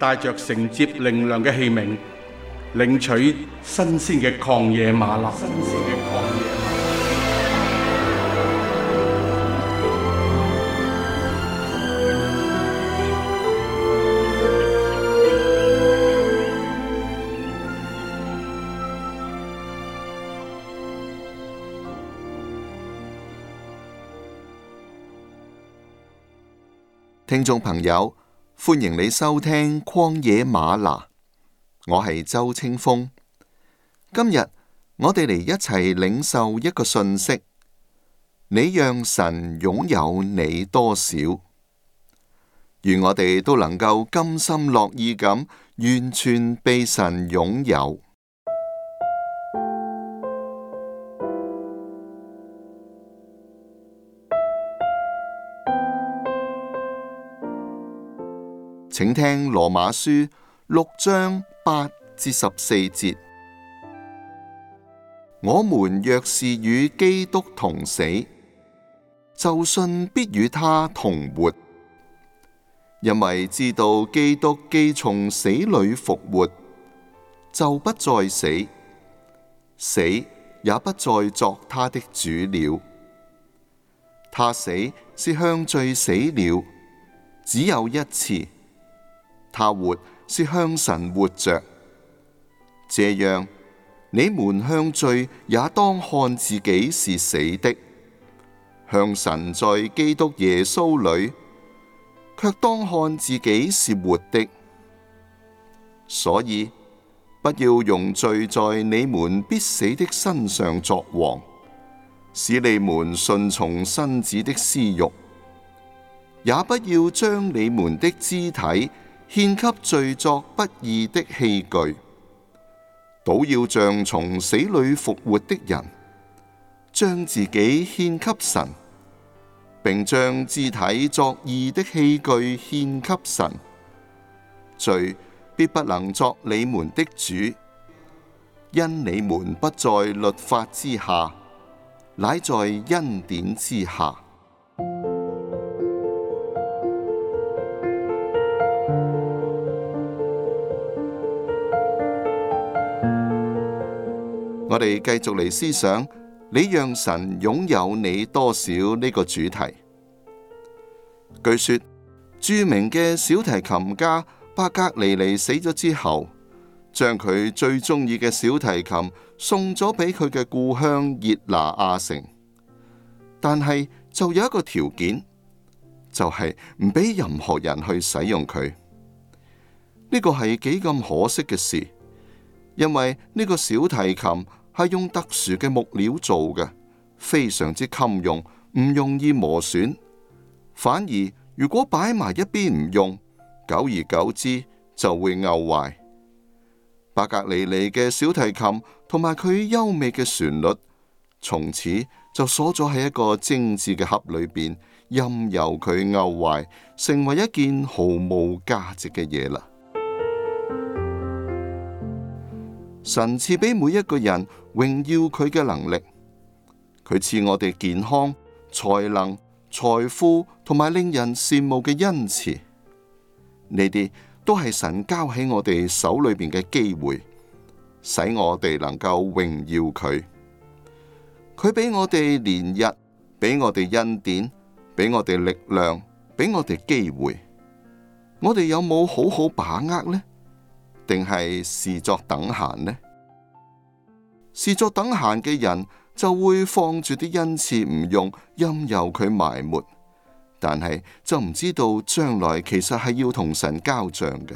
帶着承接靈糧嘅器皿，領取新鮮嘅曠野嗎哪。馬，聽眾朋友，歡迎你收聽曠野嗎哪，我係周清風。今日我哋嚟一齊領受一個信息：你讓神擁有你多少？願我哋都能夠甘心樂意咁，完全被神擁有。請聽羅馬書六章八至十四節。我們若是與基督同死，就信必與他同活。因為知道基督既從死裏復活，就不再死，死也不再作他的主了。他死是向罪死了，只有一次。他活是向神活着，這樣你們向罪也當看自己是死的；向神在基督耶穌裏，卻當看自己是活的。所以不要用罪在你們必死的身上作王，使你們順從身子的私慾；也不要將你們的肢體獻給罪作不義的器具，倒要像從死裏復活的人，將自己獻給神，並將肢體作義的器具獻給神。罪必不能作你們的主，因你們不在律法之下，乃在恩典之下。我哋繼續嚟思想，你讓神擁有你多少呢個主題。據說著名嘅小提琴家巴格尼尼死咗之後，將佢最鍾意嘅小提琴送咗俾佢嘅故鄉熱那亞城，但係就有一個條件，就係唔俾任何人去使用佢。呢個係幾咁可惜嘅事，因為呢個小提琴，係用特殊嘅木料做嘅，非常之襟用，唔容易磨損。反而如果擺埋一邊唔用，久而久之就會拗壞。巴格尼尼嘅小提琴同埋佢優美嘅旋律，從此就鎖咗喺一個精致嘅盒裏邊，任由佢拗壞，成為一件毫無價值嘅嘢啦。神賜俾每一個人榮耀佢嘅能力，佢賜我哋健康、才能、財富同埋令人羨慕嘅恩賜，呢啲都係神交喺我哋手裏邊嘅機會，使我哋能夠榮耀佢。佢俾我哋連日，俾我哋恩典，俾我哋力量，俾我哋機會，我哋有冇好好把握呢？定係視作等閒呢？視作等閒嘅人就會放住啲恩賜唔用，任由佢埋沒。但係就唔知道將來其實係要同神交賬嘅。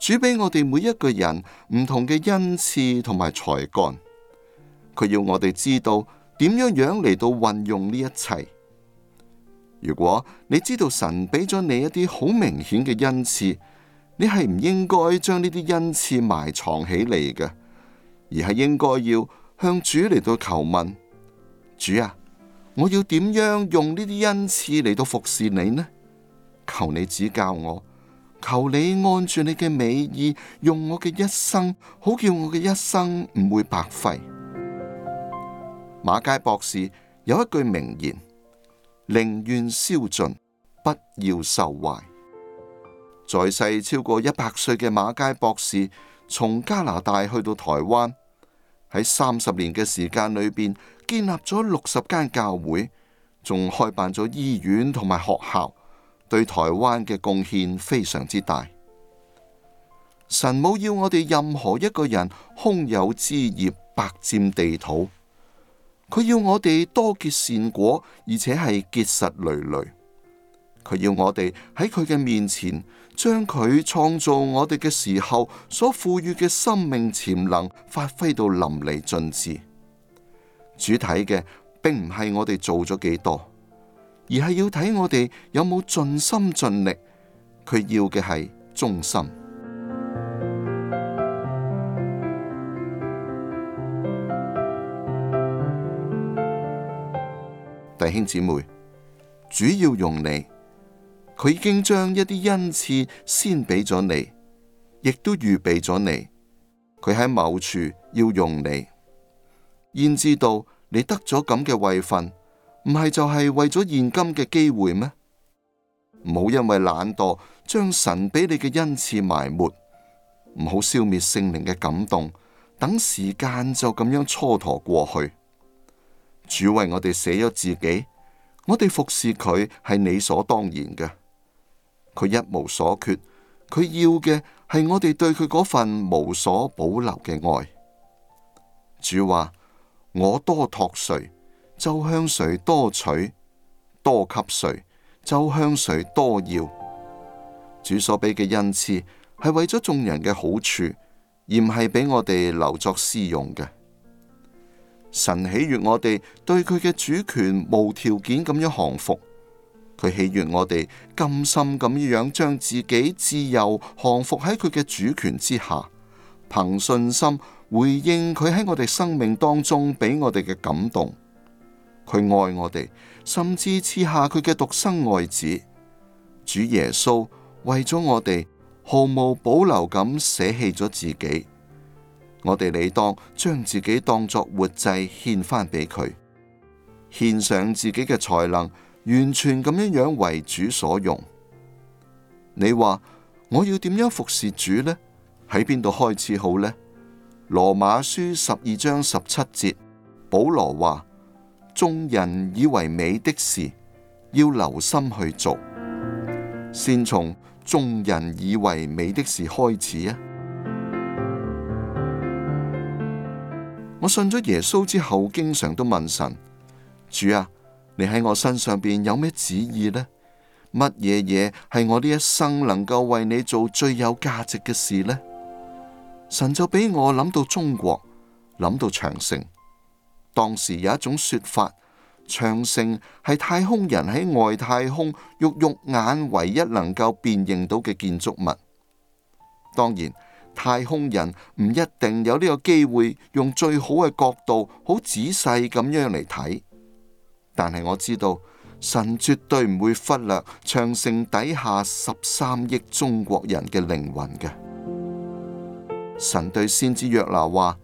主俾我哋每一個人唔同嘅恩賜同埋才幹，佢要我哋知道點樣樣嚟到運用呢一切。如果你知道神俾咗你一啲好明顯嘅恩賜，你係唔應該將呢啲恩賜埋藏起嚟嘅，而係應該要向主嚟到求問。主啊，我要點樣用呢啲恩賜嚟到服侍你呢？求你指教我，求你按住你嘅美意，用我嘅一生，好叫我嘅一生唔會白費。馬偕博士有一句名言：寧願燒盡，不要受壞。在世超過一百歲嘅馬偕博士，從加拿大去到台灣，喺三十年嘅時間裏邊建立咗六十間教會，仲開辦咗醫院同埋學校，對台灣嘅貢獻非常之大。神冇要我哋任何一個人空有枝葉，白佔地土。佢要我哋多結善果，而且係結實累累。佢要我哋喺佢嘅面前，將佢創造我哋嘅時候所賦予嘅生命潛能發揮到淋漓盡致。主體嘅並唔係我哋做咗幾多，而係要睇我哋有冇盡心盡力。佢要嘅係忠心。弟兄姊妹，主要用你。佢已經將一啲恩賜先俾咗你，亦都預備咗你。佢喺某處要用你，焉知道你得咗咁嘅位份，唔係就係為咗現今嘅機會咩？唔好因為懶惰，將神俾你嘅恩賜埋沒，唔好消滅聖靈嘅感動，等時間就咁樣蹉跎過去。主為我哋捨咗自己，我哋服侍佢係理所當然嘅。佢一無所缺，佢要嘅係我哋對佢嗰份無所保留嘅愛。主話：我多託誰，就向誰多取；多給誰，就向誰多要。主所俾嘅恩賜係為咗眾人嘅好處，而唔係俾我哋留作私用嘅。神喜悦我哋對佢嘅主權無條件咁樣降服。佢喜悅我哋甘心咁樣將自己自由降服喺佢嘅主權之下，憑信心回應佢喺我哋生命當中俾我哋嘅感動。佢愛我哋，甚至賜下佢嘅獨生愛子主耶穌為，為咗我哋毫無保留咁捨棄咗自己。我哋理當將自己當作活祭獻翻俾佢，獻上自己嘅才能。完全咁樣樣為主所用。你話我要點樣服侍主呢？喺邊度開始好呢？羅馬書十二章十七節，保羅話：眾人以為美的事，要留心去做。先從眾人以為美的事開始啊！我信咗耶穌之後，經常都問神：主啊！你喺我身上邊有咩旨意呢？乜嘢嘢係我呢一生能夠為你做最有價值嘅事呢？神就俾我諗到中國，諗到長城。當時有一種說法，長城係太空人喺外太空肉肉眼唯一能夠辨認到嘅建築物。當然，太空人唔一定有呢個機會用最好嘅角度，好仔細咁樣嚟睇。但係我知道，神絕對唔會忽略長城底下十三億中國人嘅靈魂嘅。神對先知約拿話：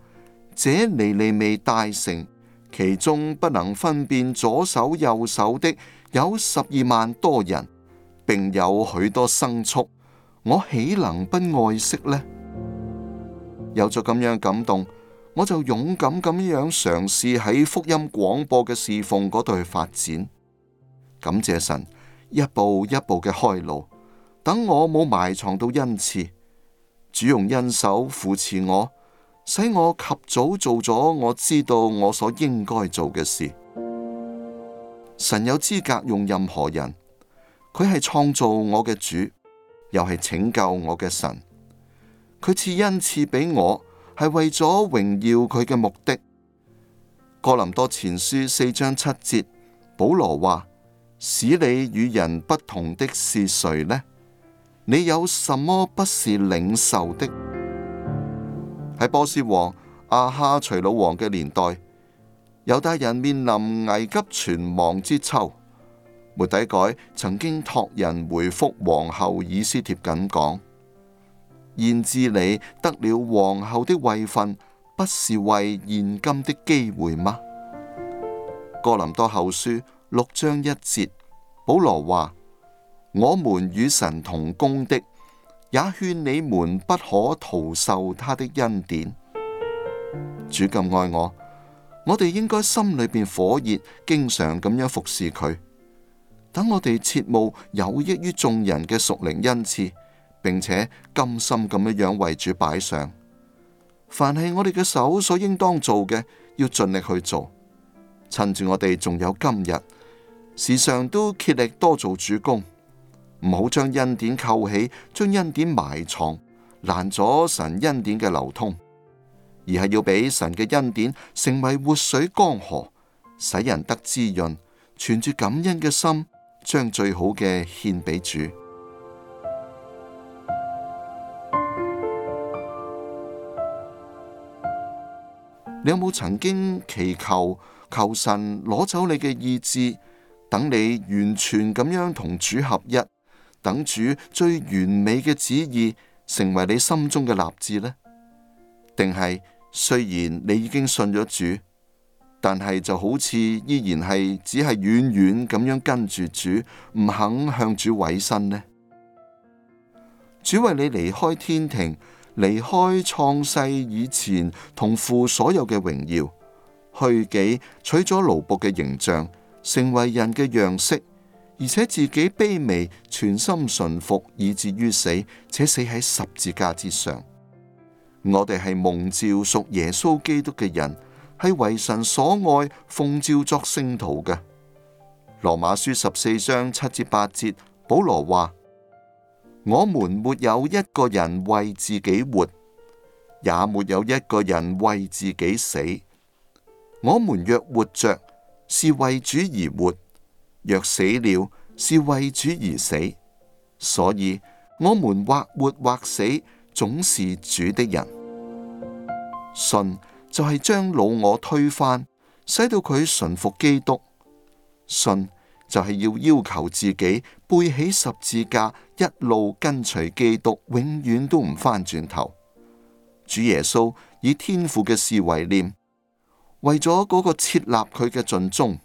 這尼尼微大城，其中不能分辨左手右手的有十二萬多人，並有許多牲畜，我豈能不愛惜呢？有咗咁樣感動。我就勇敢咁樣嘗試喺福音廣播嘅侍奉嗰度去發展，感謝神一步一步嘅開路，等我冇埋藏到恩賜，主用恩手扶持我，使我及早做咗我知道我所應該做嘅事。神有資格用任何人，佢係創造我嘅主，又係拯救我嘅神，佢賜恩賜俾我。係為咗榮耀佢嘅目的，《哥林多前書》四章七節，保羅話：使你與人不同的是誰呢？你有什麼不是領受的？喺波斯王亞哈隨魯王嘅年代，猶太人面臨危急存亡之秋，末底改曾經託人回覆皇后以斯帖，咁講。現至你得了皇后的位份，不是為現今的機會嗎？哥林多後書六章一節，保羅話：我們與神同工的，也勸你們不可徒受他的恩典。主咁愛我，我哋應該心裏邊火熱，經常咁樣服侍佢。等我哋切慕有益於眾人嘅屬靈恩賜。並且甘心咁樣樣為主擺上，凡係我哋嘅手所應當做嘅，要盡力去做。趁住我哋仲有今日，時常都竭力多做主工，唔好將恩典扣起，將恩典埋藏，攔阻神恩典嘅流通，而係要俾神嘅恩典成為活水江河，使人得滋潤。存住感恩嘅心，將最好嘅獻俾主。你有冇曾經祈求求神攞走你嘅意志，等你完全咁樣同主合一，等主最完美嘅旨意成為你心中嘅立志呢？定係雖然你已經信咗主，但係就好似依然係只係遠遠咁樣跟住主，唔肯向主委身呢？主為你離開天庭。離開創世以前，同父所有嘅榮耀，虛己取咗奴僕嘅形象，成為人嘅樣式，而且自己卑微，全心順服，以至於死，且死喺十字架之上。我哋係蒙召屬耶穌基督嘅人，係為神所愛奉照作徒，奉召作聖徒嘅。羅馬書十四章七至八節，保羅話。我們沒有一個人為自己活，也沒有一個人為自己死。我們若活着，是為主而活；若死了，是為主而死。所以，我們或活或死，總是主的人。信就係將老我推翻，使到佢順服基督。信。就係要要求自己背起十字架，一路跟隨基督，永遠都唔翻轉頭。主耶穌以天父嘅事為念，為咗嗰個設立佢嘅盡忠。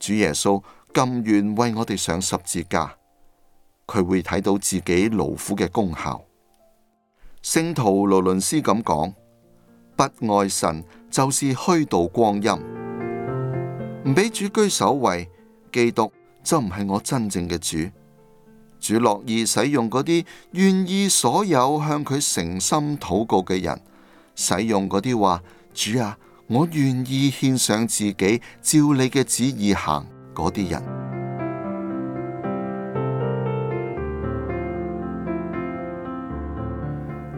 主耶穌甘願為我哋上十字架，佢會睇到自己勞苦嘅功效。聖徒羅倫斯咁講：不愛神就是虛度光陰，唔俾主居首位。基督就唔係我真正嘅主，主樂意使用嗰啲願意所有向佢誠心禱告嘅人，使用嗰啲話主啊，我願意獻上自己，照你嘅旨意行嗰啲人。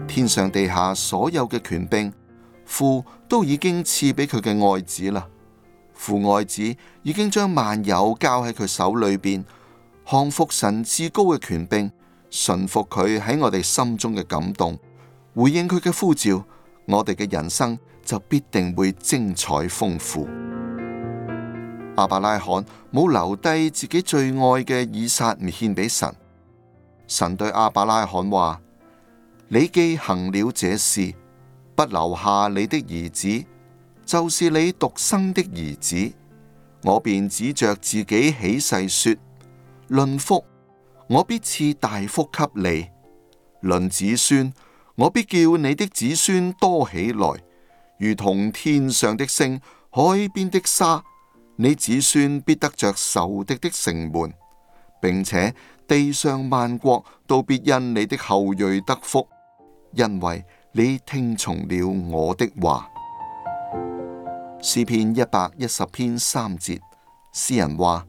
天上地下所有嘅權柄、父都已經賜俾佢嘅愛子啦。父愛子已經將萬有交喺佢手裏邊，降服神至高嘅權柄，順服佢喺我哋心中嘅感動，回應佢嘅呼召，我哋嘅人生就必定會精彩豐富。阿伯拉罕冇留低自己最愛嘅以撒，唔獻俾神。神對阿伯拉罕話：你既行了這事，不留下你的兒子。就是你獨生的兒子，我便指着自己起誓說：論福，我必賜大福給你；論子孫，我必叫你的子孫多起來，如同天上的星、海邊的沙。你子孫必得着仇敵的城門，並且地上萬國都必因你的後裔得福，因為你聽從了我的話。詩篇一百一十篇三節，詩人話：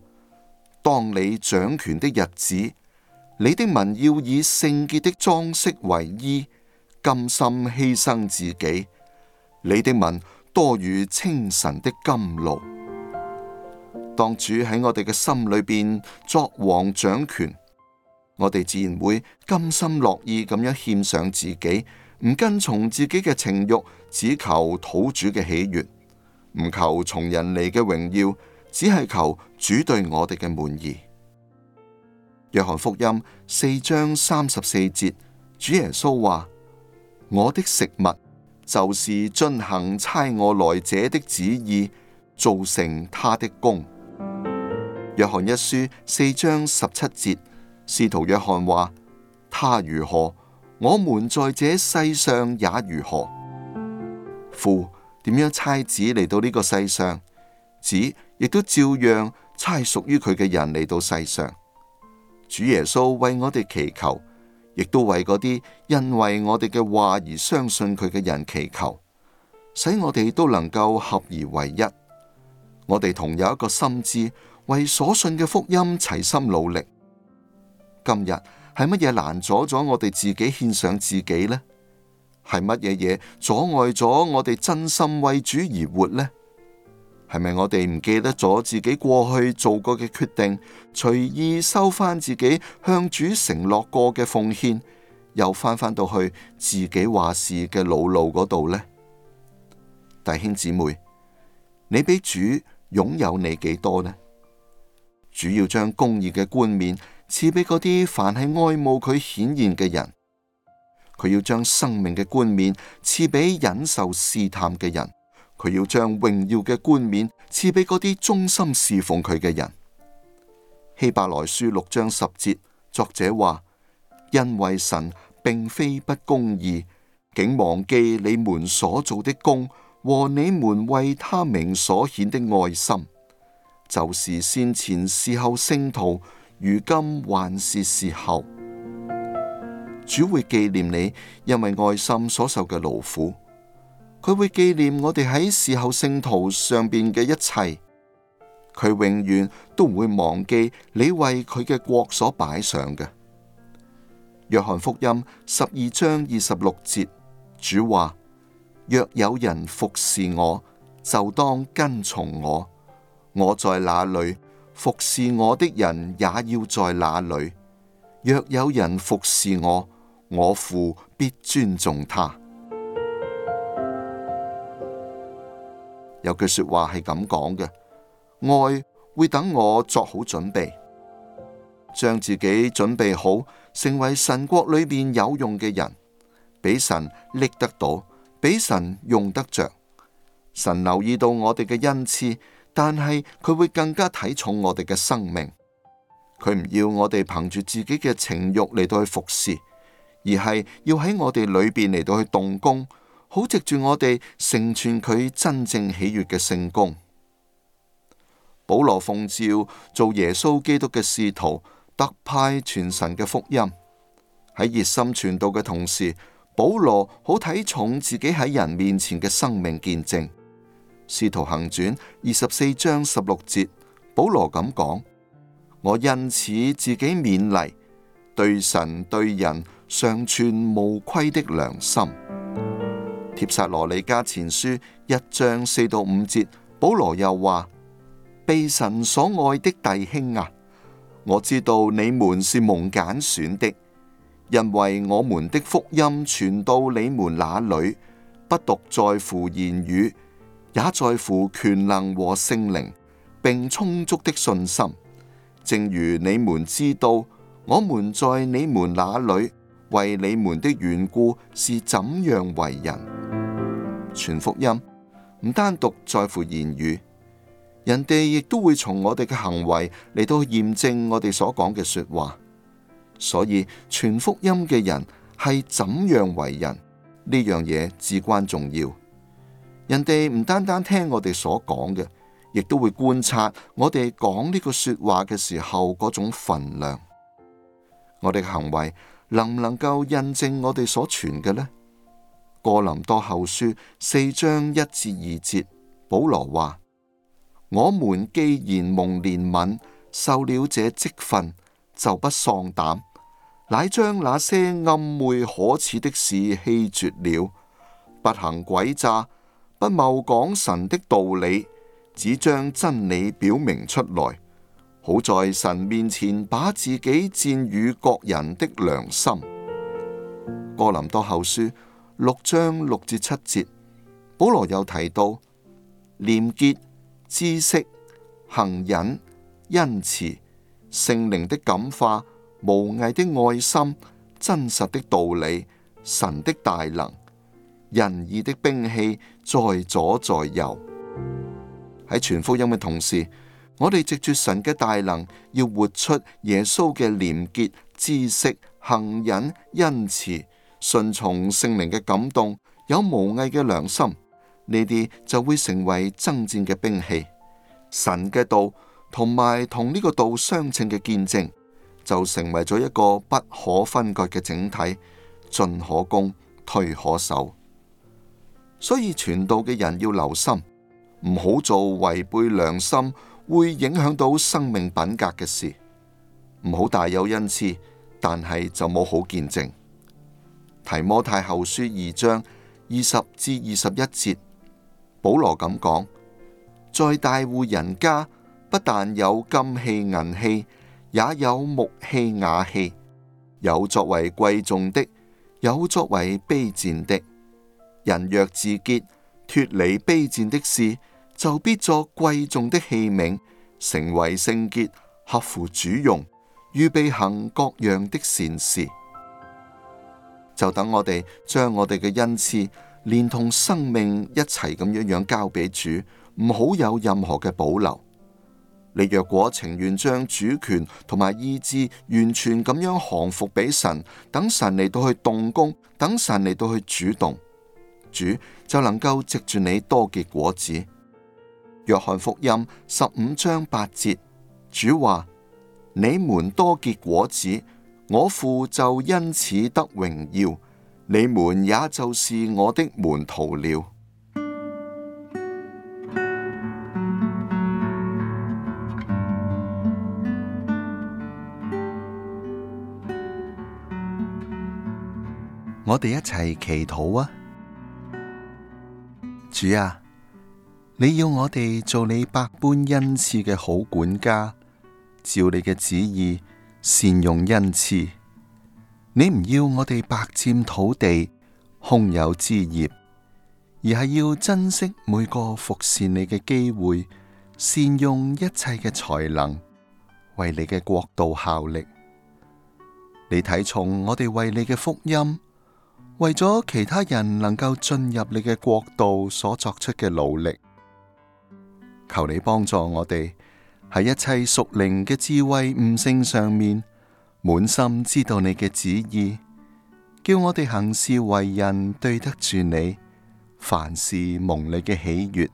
當你掌權的日子，你的民要以聖潔的裝飾為衣，甘心犧牲自己。你的民多如清晨的甘露。當主喺我哋嘅心裏邊作王掌權，我哋自然會甘心樂意咁樣獻上自己，唔跟從自己嘅情慾，只求土主嘅喜悅。唔求從人嚟嘅榮耀，只係求主對我哋嘅滿意。約翰福音四章三十四節，主耶穌話：我的食物就是遵行差我來者的旨意，做成他的工。」約翰一書四章十七節，使徒約翰話：他如何，我們在這世上也如何。父。點樣差子嚟到呢個世上，子亦都照樣差屬於佢嘅人嚟到世上。主耶穌為我哋祈求，亦都為嗰啲因為我哋嘅話而相信佢嘅人祈求，使我哋都能夠合而為一。我哋同有一個心志，為所信嘅福音齊心努力。今日係乜嘢難阻咗我哋自己獻上自己呢？係乜嘢嘢阻礙咗我哋真心為主而活呢？係咪我哋唔記得咗自己過去做過嘅決定，隨意收翻自己向主承諾過嘅奉獻，又翻返到去自己話事嘅老路嗰度呢？弟兄姊妹，你俾主擁有你幾多呢？主要將公義嘅冠冕賜俾嗰啲凡係愛慕佢顯現嘅人。佢要將生命嘅冠冕賜俾忍受試探嘅人，佢要將榮耀嘅冠冕賜俾嗰啲忠心侍奉佢嘅人。希伯來書六章十節，作者話：因為神並非不公義，竟忘記你們所做的工，和你們為他名所顯的愛心，就是先前伺候聖徒，如今還是伺候。主會紀念你，因為愛心所受嘅勞苦，佢會紀念我哋喺侍候聖徒上邊嘅一切，佢永遠都唔會忘記你為佢嘅國所擺上嘅。約翰福音十二章二十六節，主話：若有人服侍我，就當跟從我，我在那裏，服侍我的人也要在那裏。若有人服侍我，我父必尊重他。有句說話係咁講嘅：愛會等我作好準備，將自己準備好，成為神國裏面有用嘅人，俾神拎得到，俾神用得着。神留意到我哋嘅恩賜，但係佢會更加睇重我哋嘅生命。佢唔要我哋憑住自己嘅情欲嚟到去服侍，而係要喺我哋裏邊嚟到去動工，好藉住我哋成全佢真正喜悅嘅聖工。保羅奉召做耶穌基督嘅使徒，特派傳神嘅福音，喺熱心傳道嘅同時，保羅好睇重自己喺人面前嘅生命見證。使徒行傳二十四章十六節，保羅咁講。我因此自己勉勵，對神對人常存無虧的良心。帖撒羅尼迦前書一章四到五節，保羅又話：被神所愛的弟兄啊，我知道你們是蒙揀選的，因為我們的福音傳到你們那裏，不獨在乎言語，也在乎權能和聖靈，並充足的信心。正如你們知道，我們在你們那裏為你們的緣故是怎樣為人，傳福音唔單獨在乎言語，人哋亦都會從我哋嘅行為嚟到驗證我哋所講嘅說話。所以傳福音嘅人係怎樣為人呢樣嘢至關重要。人哋唔單單聽我哋所講嘅。亦都會觀察我哋講呢個說話嘅時候嗰種份量，我哋嘅行為能唔能夠印證我哋所傳嘅呢？哥林多後書四章一至二節，保羅話：我們既然蒙憐憫，受了這職分，就不喪膽，乃將那些暗昧可恥的事棄絕了，不行詭詐，不謬講神的道理。只將真理表明出來，好在神面前把自己薦與各人的良心。哥林多後書六章六至七節，保羅又提到廉潔、知識、恆忍、恩慈、聖靈的感化、無偽的愛心、真實的道理、神的大能、仁義的兵器，在左在右。喺傳福音嘅同時，我哋藉住神嘅大能，要活出耶穌嘅廉潔、知識、恆忍、恩慈、順從聖靈嘅感動，有無義嘅良心，呢啲就會成為爭戰嘅兵器。神嘅道同埋同呢個道相稱嘅見證，就成為咗一個不可分割嘅整體，進可攻，退可守。所以傳道嘅人要留心。唔好做違背良心、會影響到生命品格嘅事，唔好大有恩賜，但係就冇好見證。提摩太後書二章二十至二十一節，保羅咁講：在大戶人家不但有金器銀器，也有木器瓦器，有作為貴重的，有作為卑賤的。人若自潔，脫離卑賤的事。就必作貴重的器皿，成為聖潔，合乎主用，預備行各樣的善事。就等我哋將我哋嘅恩賜連同生命一齊咁樣樣交俾主，唔好有任何嘅保留。你若果情願將主權同埋意志完全咁樣降服俾神，等神嚟到去動工，等神嚟到去主動，主就能夠藉住你多結果子。約翰福音十五章八節，主話：你們多結果子，我父就因此得榮耀，你們也就是我的門徒了。 我哋一齊祈禱啊！主啊！你要我哋做你百般恩賜嘅好管家，照你嘅旨意善用恩賜。你唔要我哋白佔土地、空有枝葉，而係要珍惜每個服侍你嘅機會，善用一切嘅才能，為你嘅國度效力。你睇重我哋為你嘅福音，為咗其他人能夠進入你嘅國度所作出嘅努力。求你幫助我哋喺一切屬靈嘅智慧悟性上面，滿心知道你嘅旨意，叫我哋行事為人對得住你。凡事蒙你嘅喜悦，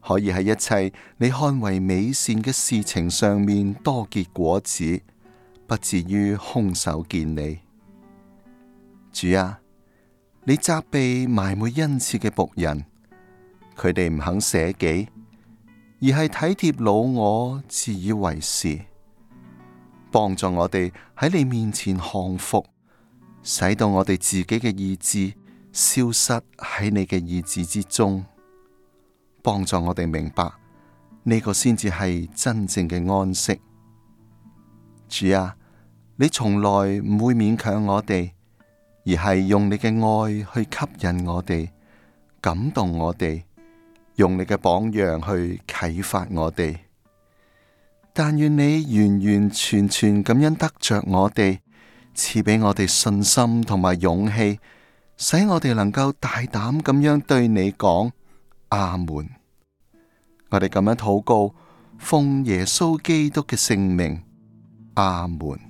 可以喺一切你看為美善嘅事情上面多結果子，不至於空手見你。主啊，你責備埋沒恩賜嘅僕人，佢哋唔肯捨己。而係體貼老我，自以為是，幫助我哋喺你面前降服，使到我哋自己嘅意志消失喺你嘅意志之中，幫助我哋明白呢個先至係真正嘅安息。主啊，你從來唔會勉強我哋，而係用你嘅愛去吸引我哋，感動我哋。用你嘅榜樣去啟發我哋，但願你完完全全咁樣得着我哋，賜俾我哋信心同埋勇氣，使我哋能夠大膽咁樣對你講：阿門！我哋咁樣禱告，奉耶穌基督嘅聖名，阿門。